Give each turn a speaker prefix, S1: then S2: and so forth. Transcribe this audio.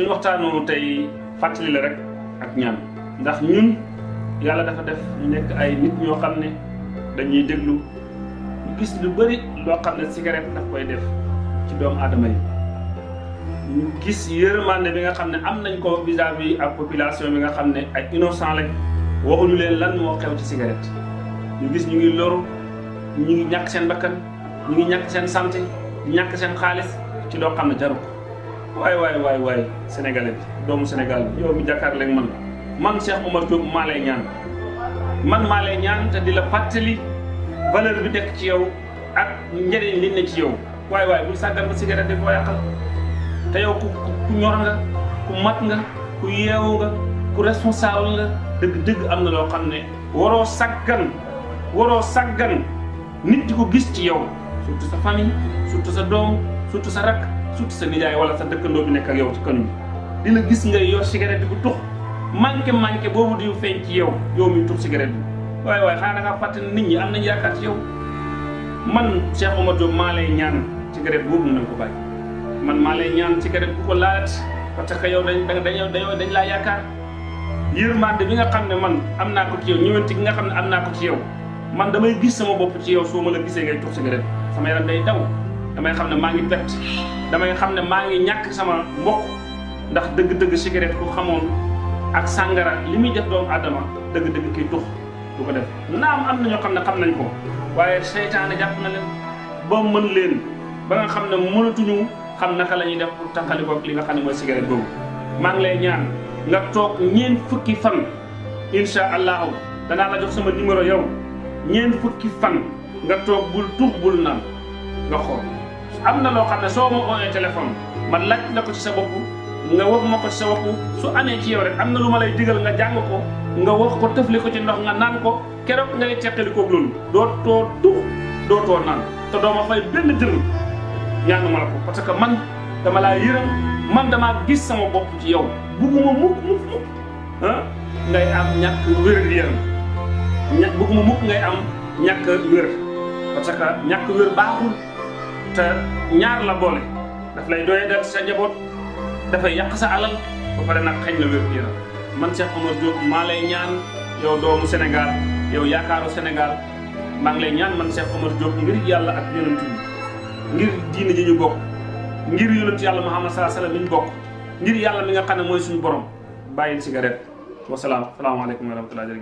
S1: suñu waxtaanu tey fàttali la rek ak ñaan ndax ñun yàlla dafa def ñu nekk ay nit ñoo xam ne dañuy déglu ñu gis lu bëri loo xam ne cigarette daf koy def ci doomu aadama yi. ñu gis yërmande bi nga xam ne am nañ ko vis vis ak population bi nga xam ne ay innocent lañ waxuñu leen lan moo xew ci cigarette ñu gis ñu ngi loru ñu ngi ñàkk seen bakkan ñu ngi ñàkk seen santé di ñàkk seen xaalis ci loo xam ne jaru waay waay waay waay sénégalais bi doomu Sénégal bi yow mi jàkkaarloo ak man man Cheikh Omar Diop maa lay ñaan man maa lay ñaan te di la fàttali valeur bi nekk ci yow ak njëriñ li ne ci yow waaye waay bul sàggan ba cigarette de ko yàqal te yow ku ku ñor nga ku mat nga ku yeewu nga ku responsable nga dëgg-dëgg am na loo xam ne waroo sàggan waroo sàggan nit di ko gis ci yow surtout sa famille surtout sa doom surtout sa rakk surtout sa nijaay wala sa dëkkandoo bi nekk ak yow ci kanam di la gis ngay yor cigarette bu tux manqué manqué boobu di feeñ ci yow yow mi tux cigarette bi waaye waaye xanaa dangaa fàtte nit ñi am nañu yaakaar ci yow man Cheikh Omar Diop maa lay ñaan cigarette boobu nañ ko bàyyi man maa lay ñaan cigarette bu ko laalaat parce que yow dañ dañ dañ dañ laa yaakaar yërmande bi nga xam ne man am naa ko ci yow ñëwante gi nga xam ne am naa ko ci yow man damay gis sama bopp ci yow soo ma la gisee ngay tux cigarette sama yaram day daw damay xam damay xam ne maa ngi ñàkk sama mbokk ndax dëgg-dëgg cigarette ku xamoon ak sàngara li muy def doomu aadama dëgg-dëgg kii tux du ko def naam am na ñoo xam ne xam nañ ko waaye seytaane jàpp na leen ba mën leen ba nga xam ne mënatuñu xam naka la ñuy def pour tàqalikoog li nga xam ne mooy cigarette boobu maa ngi lay ñaan nga toog ñeent fukki fan incha allahu danaa la jox sama numéro yow ñeent fukki fan nga toog bul tuux bul naan nga xool am na loo xam ne soo ma ooyee téléphone ma laaj la ko ci sa bopp nga wax ma ko ci sa bopp su amee ci yow rek am na lu ma lay digal nga jàng ko nga wax ko tëfli ko ci ndox nga naan ko keroog ngay teqali koog loolu dootoo tux dootoo naan te doo ma fay benn dërëm ñaanu ma la ko parce que man dama laa yërëm man damaa gis sama bopp ci yow bugguma mukk mukk mukk ah ngay am ñàkk wér-gu-yaram ña bugguma mukk ngay am ñàkk wér parce que ñàkk wér baaxul. te ñaar la boole daf lay doyee dal sa njaboot dafay yàq sa alal ba pare nag xëy na wér gu yaram man Cheikh Omar Diop maa lay ñaan yow doomu Sénégal yow yaakaaru Sénégal maa ngi lay ñaan man Cheikh Omar Diop ngir yàlla ak yonent bi ngir diine ji ñu bokk ngir yonent yàlla Muhammad sallallahu alayhi wasallam ñu bokk ngir yàlla mi nga xam ne mooy suñu borom bàyyil cigarette wasalaam salaamaaleykum wa rahmatulah jërëjëf